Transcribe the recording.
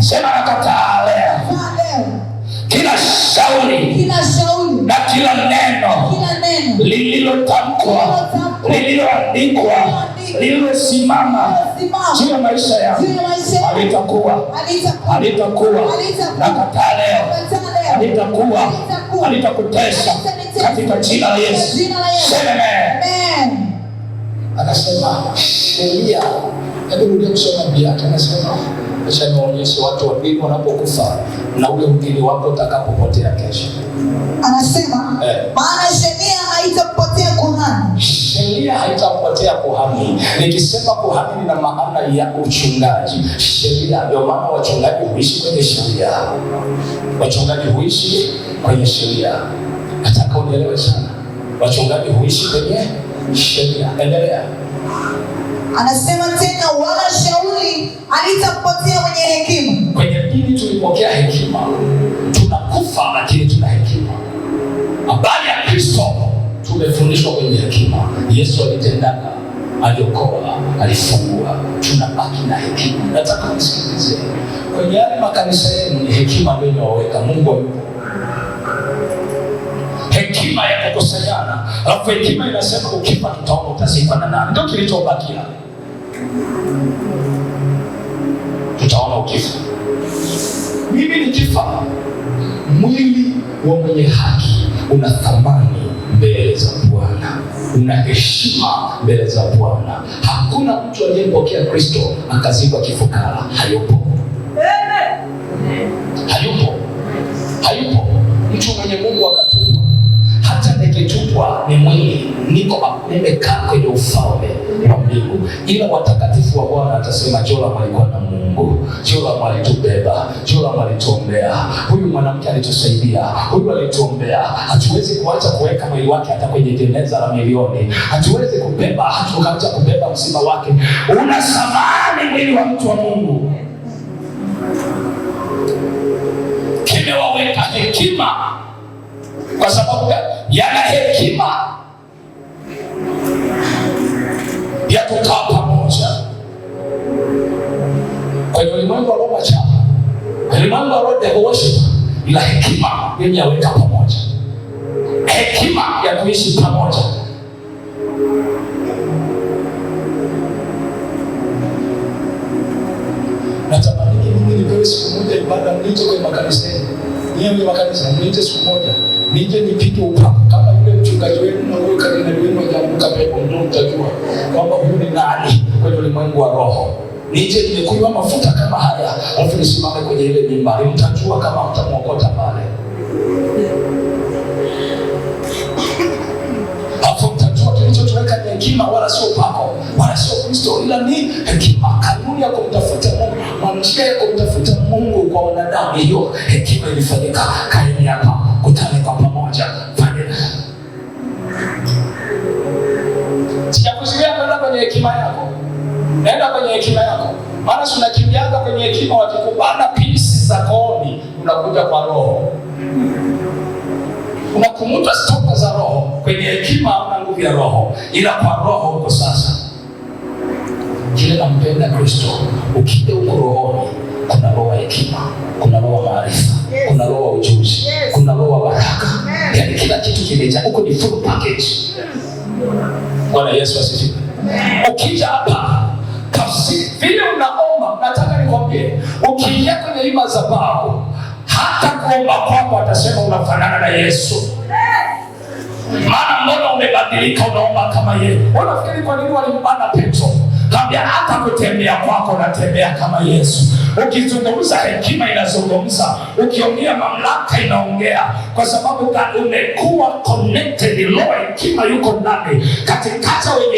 Sema nakataa leo kila shauri, kila shauri na kila neno, kila neno lililotamkwa, lililoandikwa, lililosimama juu ya maisha yangu halitakuwa, halitakuwa, nakataa leo, halitakuwa, halitakutesa katika jina la Yesu. Sema amen. Anasema Elia, hebu ndio kusoma Biblia, anasema Ameshanionyesha watu wa pili wanapokufa na ule ukili wako utakapopotea kesho. Anasema eh. maana sheria haitampotea kuhani. Sheria haitampotea kuhani. Nikisema kuhani nina maana ya uchungaji. Sheria ndio maana wachungaji huishi kwenye sheria. Wachungaji huishi kwenye sheria. Nataka unielewe sana. Wachungaji huishi kwenye sheria. Endelea. Anasema tena wala shauri alitapotea mwenye hekima. Kwenye dini tulipokea hekima, tunakufa lakini tuna hekima. Habari ya Kristo tumefundishwa kwenye hekima. Yesu alitendaga, aliokoa, alifungua, tunabaki na hekima. Nataka nisikilize, kwenye yale makanisa yenu ni hekima ambayo imewaweka Mungu hekima ya kukusanyana, alafu hekima inasema ukipa tutaona utazikwa na nani. Ndio kilichobakia utaona ukifa. Mimi nikifa, mwili wa mwenye haki una thamani mbele za Bwana, una heshima mbele za Bwana. Hakuna mtu aliyempokea Kristo akazikwa kifukara, hayupo, hayupo, hayupo mtu mwenye Mungu akatupwa. Hata nikitupwa ni mwili niko hapo, nimekaa kwenye ufalme wa mbingu. Ila watakatifu wa Bwana atasema, Joramu alikuwa na Mungu, Joramu alitubeba, Joramu alituombea, huyu mwanamke alitusaidia, huyu alituombea. Hatuwezi kuacha kuweka mwili wake hata kwenye jeneza la milioni, hatuwezi kubeba, hatukacha kubeba msiba wake. Una samani mwili wa mtu wa Mungu kimewaweka hekima, kwa sababu yana hekima Kwa hiyo ulimwengu wa roho machafu, ulimwengu wa roho devotion, ila hekima iliyaweka pamoja, hekima ya kuishi pamoja. Natamani mimi nipewe siku moja ibada, mniite kwenye makanisa yenu, niye kwenye makanisa, mniite siku moja, nije nipige upako kama yule mchungaji wenu na huyo karina wenu, mtajua kwamba huyu ni nani kwenye ulimwengu wa roho nije nimekunywa mafuta kama haya, alafu nisimame kwenye ile mimbari, mtajua kama mtamwokota pale, alafu mtajua kilichotoweka ni hekima, wala sio pako, wala sio Kristo, ila ni hekima, kanuni ya kumtafuta Mungu, njia ya kumtafuta Mungu kwa wanadamu. Hiyo hekima ilifanyika kaini nenda kwenye hekima yako, maana si unakimbiaga kwenye hekima, wakikubana pisi za kooni unakuja kwa roho, unakumuta stoka za roho. Kwenye hekima hauna nguvu ya roho, ila kwa roho huko sasa kile nampenda Kristo, ukija huko rohoni, kuna roho ya hekima, kuna roho ya maarifa, kuna roho ya ujuzi, kuna roho ya baraka, yaani kila kitu kimeja huko, ni full package. Bwana Yesu asifiwe. Ukija hapa nafsi vile unaomba. Nataka nikwambie, ukiingia kwenye hima za bao, hata kuomba kwako atasema unafanana na Yesu, maana mbona umebadilika, unaomba kama yeye. Wanafikiri kwa nini walimbana Petro? Kambia hata kutembea kwako unatembea kama Yesu. Ukizungumza hekima inazungumza, ukiongea mamlaka inaongea, kwa sababu umekuwa connected. Lo, hekima yuko ndani katikati wenye